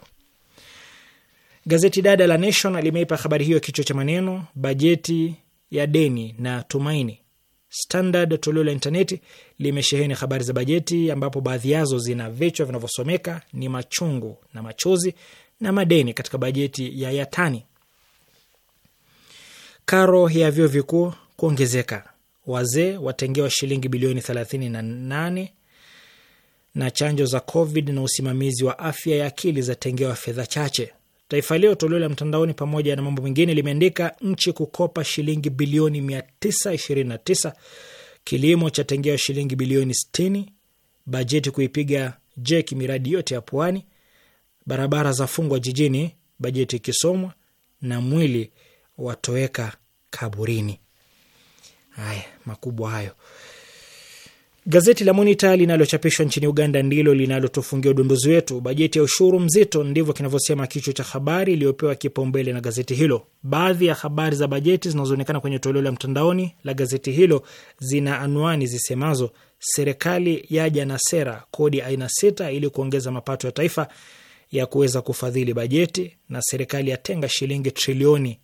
Gazeti dada la Nation limeipa habari hiyo kichwa cha maneno bajeti ya deni na tumaini. Standard toleo la intaneti limesheheni habari za bajeti, ambapo baadhi yazo zina vichwa vinavyosomeka ni machungu na machozi na madeni katika bajeti ya Yatani, karo ya vyuo vikuu kuongezeka, wazee watengewa shilingi bilioni 38 na chanjo za COVID na usimamizi wa afya ya akili zatengewa fedha chache. Taifa Leo toleo la mtandaoni, pamoja na mambo mengine, limeandika nchi kukopa shilingi bilioni 929, kilimo cha tengewa shilingi bilioni 60, bajeti kuipiga jeki miradi yote ya pwani, barabara za fungwa jijini bajeti ikisomwa, na mwili watoweka kaburini. Haya makubwa hayo. Gazeti la Monita linalochapishwa nchini Uganda ndilo linalotufungia udunduzi wetu. Bajeti ya ushuru mzito, ndivyo kinavyosema kichwa cha habari iliyopewa kipaumbele na gazeti hilo. Baadhi ya habari za bajeti zinazoonekana kwenye toleo la mtandaoni la gazeti hilo zina anwani zisemazo: serikali yaja na sera kodi aina sita ili kuongeza mapato ya taifa ya kuweza kufadhili bajeti, na serikali yatenga shilingi trilioni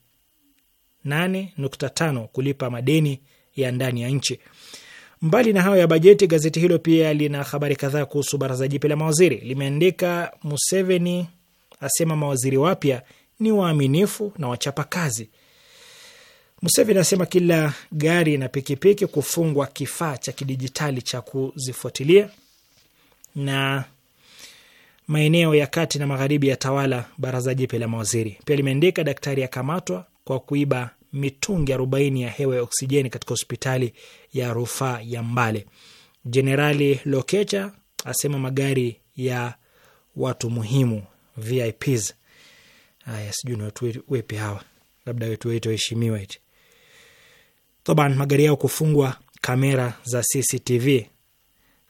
8.5 kulipa madeni ya ndani ya nchi. Mbali na hayo ya bajeti, gazeti hilo pia lina habari kadhaa kuhusu baraza jipya la mawaziri. Limeandika Museveni asema mawaziri wapya ni waaminifu na wachapa kazi. Museveni asema kila gari na pikipiki kufungwa kifaa cha kidijitali cha kuzifuatilia, na maeneo ya kati na magharibi ya tawala baraza jipya la mawaziri. Pia limeandika daktari akamatwa kwa kuiba mitungi 40 ya hewa ya oksijeni katika hospitali ya rufaa ya Mbale. Jenerali Lokecha asema magari ya watu muhimu VIPs. Aya, sijui ni watu wepi hawa, labda wetu wetu waheshimiwa eti Toban, magari yao kufungwa kamera za CCTV,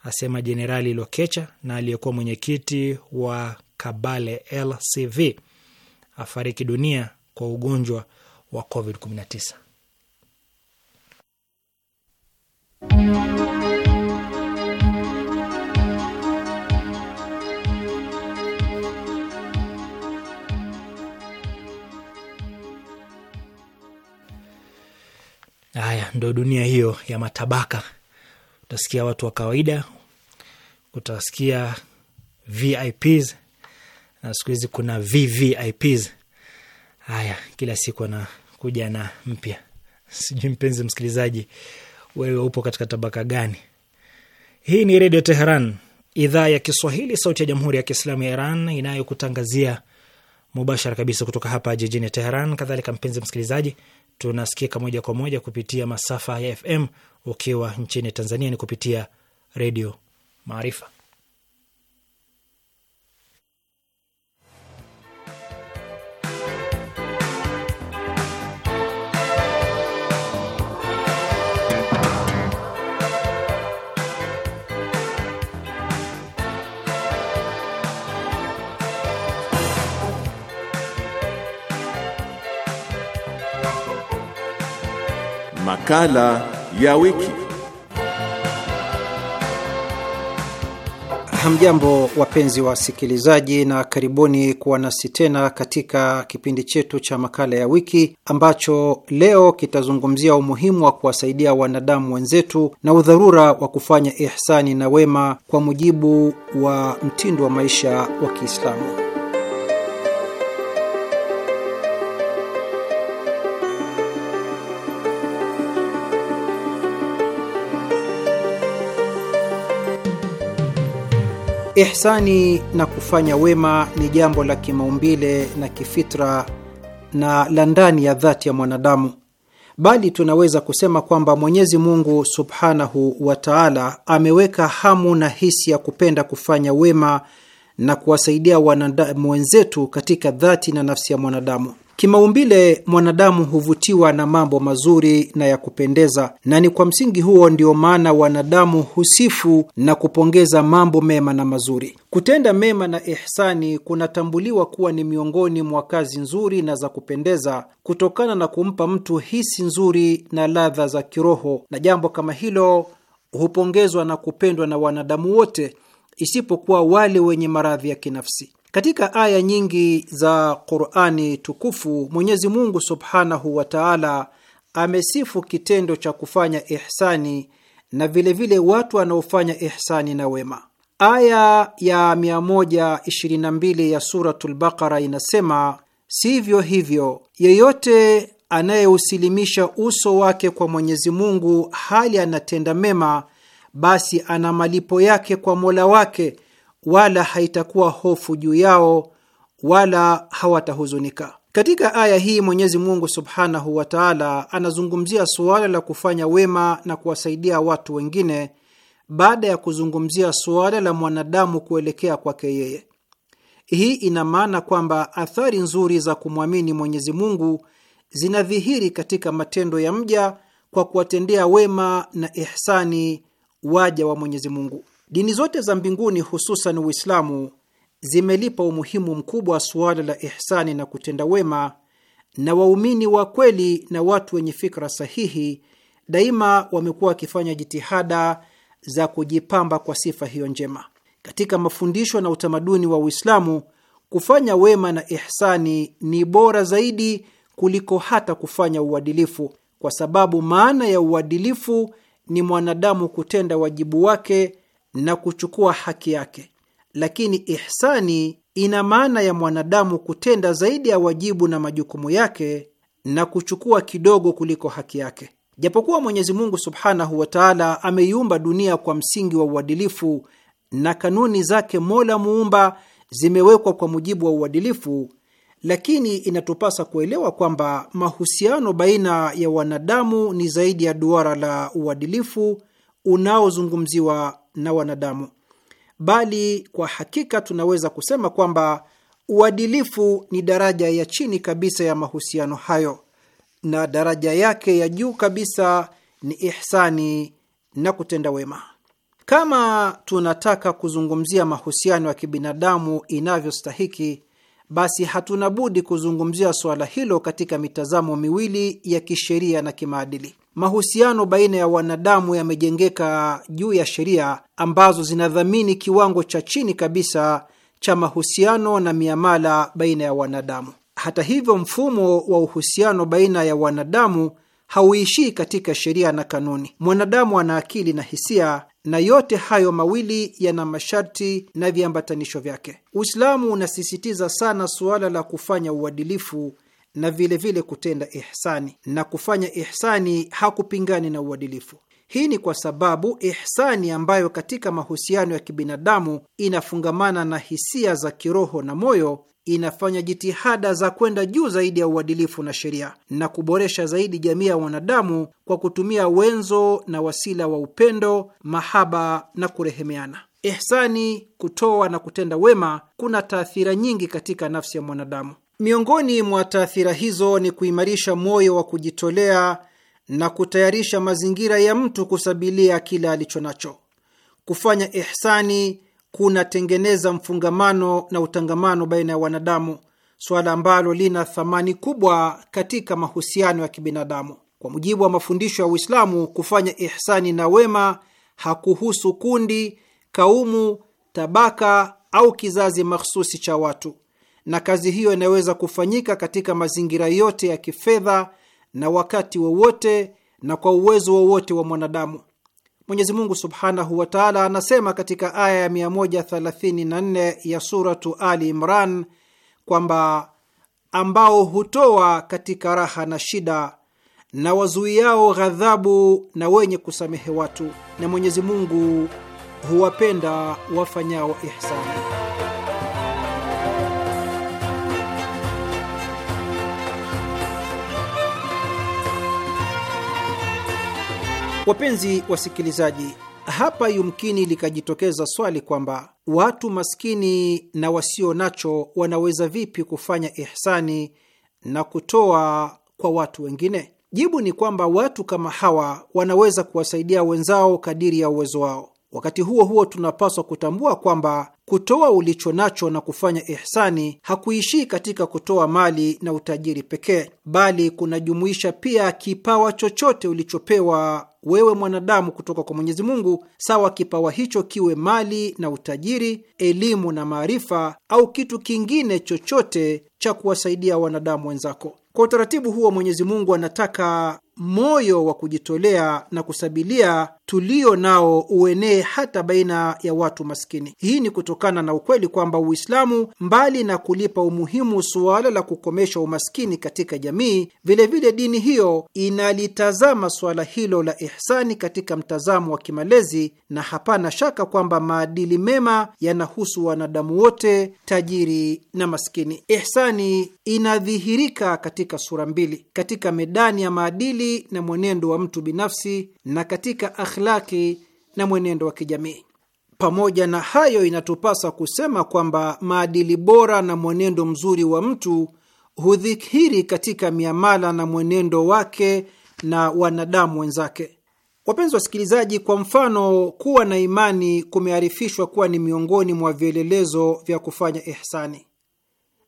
asema Jenerali Lokecha. Na aliyekuwa mwenyekiti wa Kabale LCV afariki dunia kwa ugonjwa wa COVID-19. Haya ndo dunia hiyo ya matabaka. Utasikia watu wa kawaida, utasikia VIPs na siku hizi kuna VVIPs. Haya, kila siku anakuja na mpya. Sijui mpenzi msikilizaji, wewe upo katika tabaka gani? Hii ni Redio Teheran, idhaa ya Kiswahili, sauti ya Jamhuri ya Kiislamu ya Iran inayokutangazia mubashara kabisa kutoka hapa jijini Teheran. Kadhalika mpenzi msikilizaji, tunasikika moja kwa moja kupitia masafa ya FM. Ukiwa nchini Tanzania ni kupitia Redio Maarifa. Makala ya wiki. Hamjambo, wapenzi wa wasikilizaji, na karibuni kuwa nasi tena katika kipindi chetu cha makala ya wiki ambacho leo kitazungumzia umuhimu wa kuwasaidia wanadamu wenzetu na udharura wa kufanya ihsani na wema kwa mujibu wa mtindo wa maisha wa Kiislamu. Ihsani na kufanya wema ni jambo la kimaumbile na kifitra na la ndani ya dhati ya mwanadamu, bali tunaweza kusema kwamba Mwenyezi Mungu subhanahu wa taala ameweka hamu na hisi ya kupenda kufanya wema na kuwasaidia wanadamu wenzetu katika dhati na nafsi ya mwanadamu. Kimaumbile mwanadamu huvutiwa na mambo mazuri na ya kupendeza, na ni kwa msingi huo ndio maana wanadamu husifu na kupongeza mambo mema na mazuri. Kutenda mema na ihsani kunatambuliwa kuwa ni miongoni mwa kazi nzuri na za kupendeza kutokana na kumpa mtu hisi nzuri na ladha za kiroho, na jambo kama hilo hupongezwa na kupendwa na wanadamu wote isipokuwa wale wenye maradhi ya kinafsi. Katika aya nyingi za Qurani tukufu Mwenyezi Mungu subhanahu wa taala amesifu kitendo cha kufanya ihsani na vilevile vile watu wanaofanya ihsani na wema. Aya ya 122 ya Suratul Baqara inasema, sivyo hivyo, yeyote anayeusilimisha uso wake kwa Mwenyezi Mungu hali anatenda mema, basi ana malipo yake kwa Mola wake wala haitakuwa hofu juu yao wala hawatahuzunika. Katika aya hii Mwenyezi Mungu subhanahu wa taala anazungumzia suala la kufanya wema na kuwasaidia watu wengine baada ya kuzungumzia suala la mwanadamu kuelekea kwake yeye. Hii ina maana kwamba athari nzuri za kumwamini Mwenyezi Mungu zinadhihiri katika matendo ya mja kwa kuwatendea wema na ihsani waja wa Mwenyezi Mungu. Dini zote za mbinguni, hususan Uislamu, zimelipa umuhimu mkubwa suala la ihsani na kutenda wema, na waumini wa kweli na watu wenye fikra sahihi daima wamekuwa wakifanya jitihada za kujipamba kwa sifa hiyo njema. Katika mafundisho na utamaduni wa Uislamu, kufanya wema na ihsani ni bora zaidi kuliko hata kufanya uadilifu, kwa sababu maana ya uadilifu ni mwanadamu kutenda wajibu wake na kuchukua haki yake, lakini ihsani ina maana ya mwanadamu kutenda zaidi ya wajibu na majukumu yake na kuchukua kidogo kuliko haki yake. Japokuwa Mwenyezi Mungu subhanahu wa taala ameiumba dunia kwa msingi wa uadilifu na kanuni zake Mola muumba zimewekwa kwa mujibu wa uadilifu, lakini inatupasa kuelewa kwamba mahusiano baina ya wanadamu ni zaidi ya duara la uadilifu unaozungumziwa na wanadamu, bali kwa hakika tunaweza kusema kwamba uadilifu ni daraja ya chini kabisa ya mahusiano hayo na daraja yake ya juu kabisa ni ihsani na kutenda wema. Kama tunataka kuzungumzia mahusiano ya kibinadamu inavyostahiki, basi hatuna budi kuzungumzia suala hilo katika mitazamo miwili ya kisheria na kimaadili mahusiano baina ya wanadamu yamejengeka juu ya sheria ambazo zinadhamini kiwango cha chini kabisa cha mahusiano na miamala baina ya wanadamu. Hata hivyo, mfumo wa uhusiano baina ya wanadamu hauishii katika sheria na kanuni. Mwanadamu ana akili na hisia, na yote hayo mawili yana masharti na viambatanisho vyake. Uislamu unasisitiza sana suala la kufanya uadilifu na vilevile vile kutenda ihsani, na kufanya ihsani hakupingani na uadilifu. Hii ni kwa sababu ihsani ambayo katika mahusiano ya kibinadamu inafungamana na hisia za kiroho na moyo inafanya jitihada za kwenda juu zaidi ya uadilifu na sheria na kuboresha zaidi jamii ya wanadamu kwa kutumia wenzo na wasila wa upendo, mahaba na kurehemeana. Ihsani, kutoa na kutenda wema, kuna taathira nyingi katika nafsi ya mwanadamu. Miongoni mwa taathira hizo ni kuimarisha moyo wa kujitolea na kutayarisha mazingira ya mtu kusabilia kila alicho nacho. Kufanya ihsani kunatengeneza mfungamano na utangamano baina ya wanadamu, suala ambalo lina thamani kubwa katika mahusiano ya kibinadamu. Kwa mujibu wa mafundisho ya Uislamu, kufanya ihsani na wema hakuhusu kundi, kaumu, tabaka au kizazi mahsusi cha watu na kazi hiyo inaweza kufanyika katika mazingira yote ya kifedha na wakati wowote wa na kwa uwezo wowote wa, wa mwanadamu. Mwenyezi Mungu subhanahu wa taala anasema katika aya ya 134 ya Suratu Ali Imran kwamba ambao hutoa katika raha na shida na wazuiao ghadhabu na wenye kusamehe watu, na Mwenyezi Mungu huwapenda wafanyao ihsani. Wapenzi wasikilizaji, hapa yumkini likajitokeza swali kwamba watu maskini na wasio nacho wanaweza vipi kufanya ihsani na kutoa kwa watu wengine? Jibu ni kwamba watu kama hawa wanaweza kuwasaidia wenzao kadiri ya uwezo wao. Wakati huo huo, tunapaswa kutambua kwamba kutoa ulicho nacho na kufanya ihsani hakuishii katika kutoa mali na utajiri pekee, bali kunajumuisha pia kipawa chochote ulichopewa wewe mwanadamu kutoka kwa Mwenyezi Mungu, sawa kipawa hicho kiwe mali na utajiri, elimu na maarifa, au kitu kingine chochote cha kuwasaidia wanadamu wenzako. Kwa utaratibu huo, Mwenyezi Mungu anataka moyo wa kujitolea na kusabilia tulio nao uenee hata baina ya watu maskini. Hii ni kutokana na ukweli kwamba Uislamu, mbali na kulipa umuhimu suala la kukomesha umaskini katika jamii, vilevile vile dini hiyo inalitazama suala hilo la ihsani katika mtazamo wa kimalezi, na hapana shaka kwamba maadili mema yanahusu wanadamu wote, tajiri na maskini. Ihsani inadhihirika katika sura mbili, katika medani ya maadili na mwenendo wa mtu binafsi, na katika akhlaki na mwenendo wa kijamii. Pamoja na hayo, inatupasa kusema kwamba maadili bora na mwenendo mzuri wa mtu hudhihiri katika miamala na mwenendo wake na wanadamu wenzake. Wapenzi wasikilizaji, kwa mfano, kuwa na imani kumearifishwa kuwa ni miongoni mwa vielelezo vya kufanya ihsani.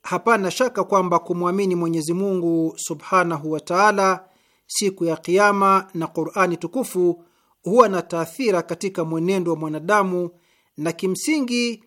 Hapana shaka kwamba kumwamini Mwenyezi Mungu subhanahu wa taala, siku ya Kiama na Qurani tukufu huwa na taathira katika mwenendo wa mwanadamu na kimsingi,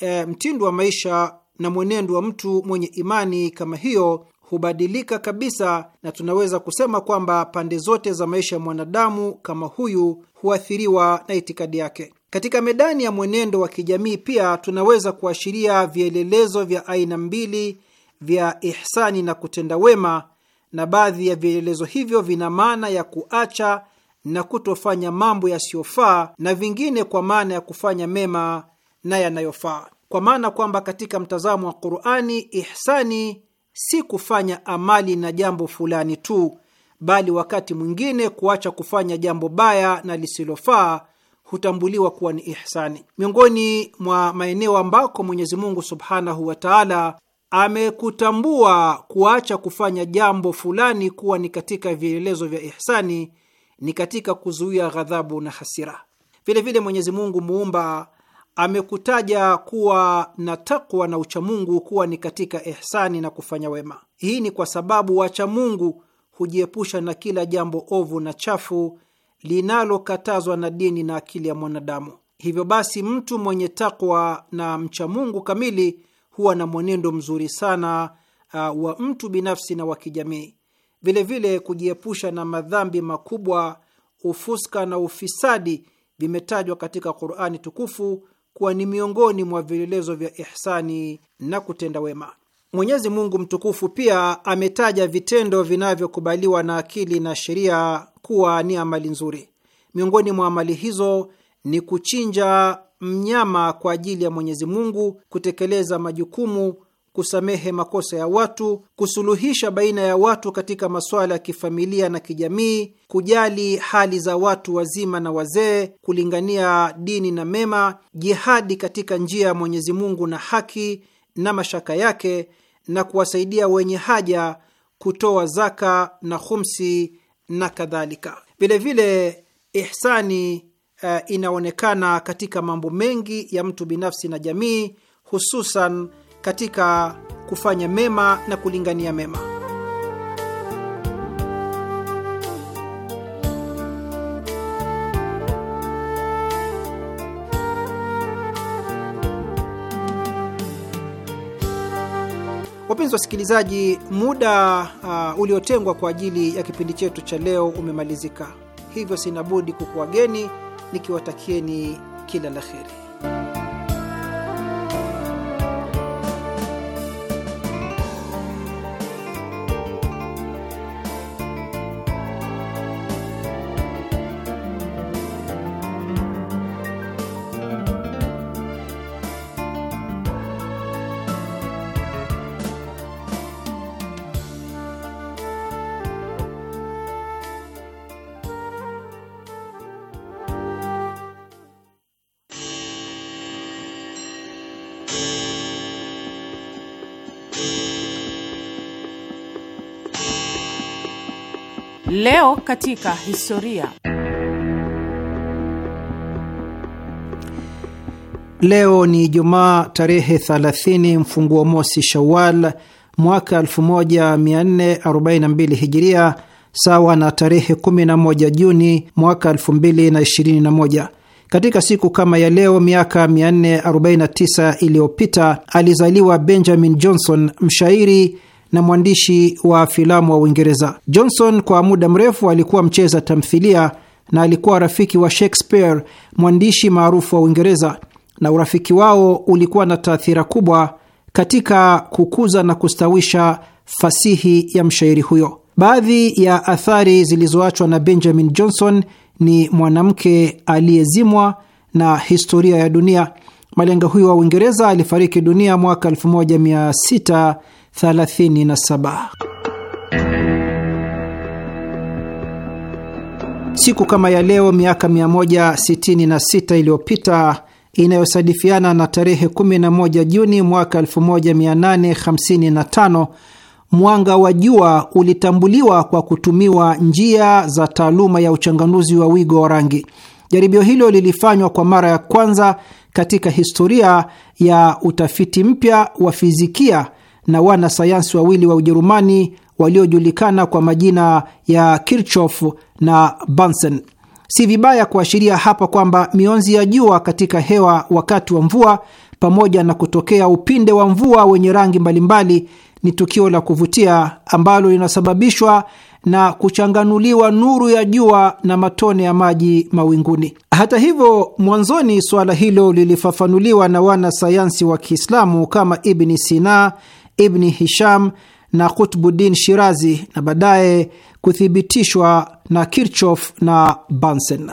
e, mtindo wa maisha na mwenendo wa mtu mwenye imani kama hiyo hubadilika kabisa, na tunaweza kusema kwamba pande zote za maisha ya mwanadamu kama huyu huathiriwa na itikadi yake. Katika medani ya mwenendo wa kijamii pia tunaweza kuashiria vielelezo vya aina mbili vya ihsani na kutenda wema, na baadhi ya vielelezo hivyo vina maana ya kuacha na kutofanya mambo yasiyofaa na vingine kwa maana ya kufanya mema na yanayofaa, kwa maana kwamba katika mtazamo wa Qur'ani, ihsani si kufanya amali na jambo fulani tu, bali wakati mwingine kuacha kufanya jambo baya na lisilofaa hutambuliwa kuwa ni ihsani. Miongoni mwa maeneo ambako Mwenyezi Mungu subhanahu wa taala amekutambua kuacha kufanya jambo fulani kuwa ni katika vielelezo vya ihsani ni katika kuzuia ghadhabu na hasira. Vilevile Mwenyezi Mungu muumba amekutaja kuwa na takwa na uchamungu kuwa ni katika ihsani na kufanya wema. Hii ni kwa sababu wachamungu hujiepusha na kila jambo ovu na chafu linalokatazwa na dini na akili ya mwanadamu. Hivyo basi, mtu mwenye takwa na mchamungu kamili huwa na mwenendo mzuri sana uh, wa mtu binafsi na wa kijamii, vilevile kujiepusha na madhambi makubwa, ufuska na ufisadi vimetajwa katika Qur'ani tukufu kuwa ni miongoni mwa vielelezo vya ihsani na kutenda wema. Mwenyezi Mungu mtukufu pia ametaja vitendo vinavyokubaliwa na akili na sheria kuwa ni amali nzuri. Miongoni mwa amali hizo ni kuchinja mnyama kwa ajili ya Mwenyezi Mungu, kutekeleza majukumu kusamehe makosa ya watu, kusuluhisha baina ya watu katika masuala ya kifamilia na kijamii, kujali hali za watu wazima na wazee, kulingania dini na mema, jihadi katika njia ya Mwenyezi Mungu na haki na mashaka yake, na kuwasaidia wenye haja, kutoa zaka na khumsi na kadhalika. Vilevile ihsani uh, inaonekana katika mambo mengi ya mtu binafsi na jamii, hususan katika kufanya mema na kulingania mema. Wapenzi wasikilizaji, muda uh, uliotengwa kwa ajili ya kipindi chetu cha leo umemalizika, hivyo sina budi kukuwageni nikiwatakieni kila la heri. Leo katika historia. Leo ni Jumaa tarehe 30 mfunguo mosi Shawal mwaka 1442 Hijiria, sawa na tarehe 11 Juni mwaka 2021. Katika siku kama ya leo miaka 449 iliyopita alizaliwa Benjamin Johnson, mshairi na mwandishi wa filamu wa Uingereza. Johnson kwa muda mrefu alikuwa mcheza tamthilia na alikuwa rafiki wa Shakespeare, mwandishi maarufu wa Uingereza, na urafiki wao ulikuwa na taathira kubwa katika kukuza na kustawisha fasihi ya mshairi huyo. Baadhi ya athari zilizoachwa na Benjamin Johnson ni Mwanamke Aliyezimwa na Historia ya Dunia. Malenga huyo wa Uingereza alifariki dunia mwaka 1600 37. Siku kama ya leo miaka 166 iliyopita inayosadifiana na tarehe 11 Juni mwaka 1855 mwanga wa jua ulitambuliwa kwa kutumiwa njia za taaluma ya uchanganuzi wa wigo wa rangi. Jaribio hilo lilifanywa kwa mara ya kwanza katika historia ya utafiti mpya wa fizikia na wanasayansi wawili wa Ujerumani waliojulikana kwa majina ya Kirchhoff na Bunsen. Si vibaya kuashiria hapa kwamba mionzi ya jua katika hewa wakati wa mvua pamoja na kutokea upinde wa mvua wenye rangi mbalimbali ni tukio la kuvutia ambalo linasababishwa na kuchanganuliwa nuru ya jua na matone ya maji mawinguni. Hata hivyo, mwanzoni suala hilo lilifafanuliwa na wanasayansi wa Kiislamu kama Ibni Sina Ibni Hisham na Kutbuddin Shirazi na baadaye kuthibitishwa na Kirchof na Bansen.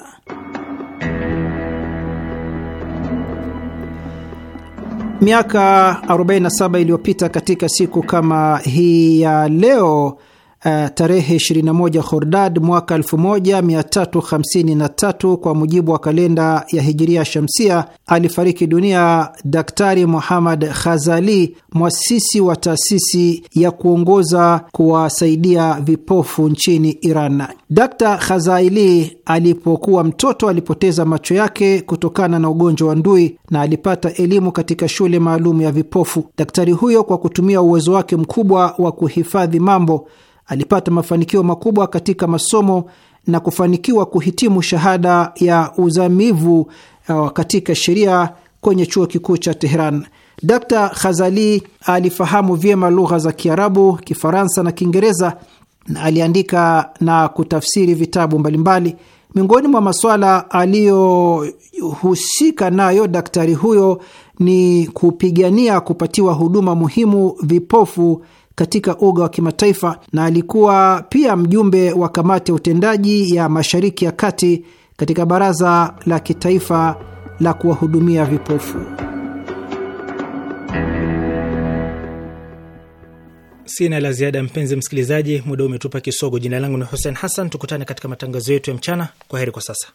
Miaka 47 iliyopita katika siku kama hii ya leo uh, tarehe 21 Khordad mwaka 1353 kwa mujibu wa kalenda ya Hijiria Shamsia, alifariki dunia Daktari Muhammad Khazali, mwasisi wa taasisi ya kuongoza kuwasaidia vipofu nchini Iran. Dr Khazali alipokuwa mtoto alipoteza macho yake kutokana na ugonjwa wa ndui na alipata elimu katika shule maalum ya vipofu. Daktari huyo kwa kutumia uwezo wake mkubwa wa kuhifadhi mambo Alipata mafanikio makubwa katika masomo na kufanikiwa kuhitimu shahada ya uzamivu uh, katika sheria kwenye chuo kikuu cha Teheran. d Khazali alifahamu vyema lugha za Kiarabu, Kifaransa na Kiingereza na aliandika na kutafsiri vitabu mbalimbali. Miongoni mwa masuala aliyohusika nayo daktari huyo ni kupigania kupatiwa huduma muhimu vipofu katika uga wa kimataifa na alikuwa pia mjumbe wa kamati ya utendaji ya Mashariki ya Kati katika baraza la kitaifa la kuwahudumia vipofu. Sina la ziada, mpenzi msikilizaji, muda umetupa kisogo. Jina langu ni Hussein Hassan, tukutane katika matangazo yetu ya mchana. Kwa heri kwa sasa.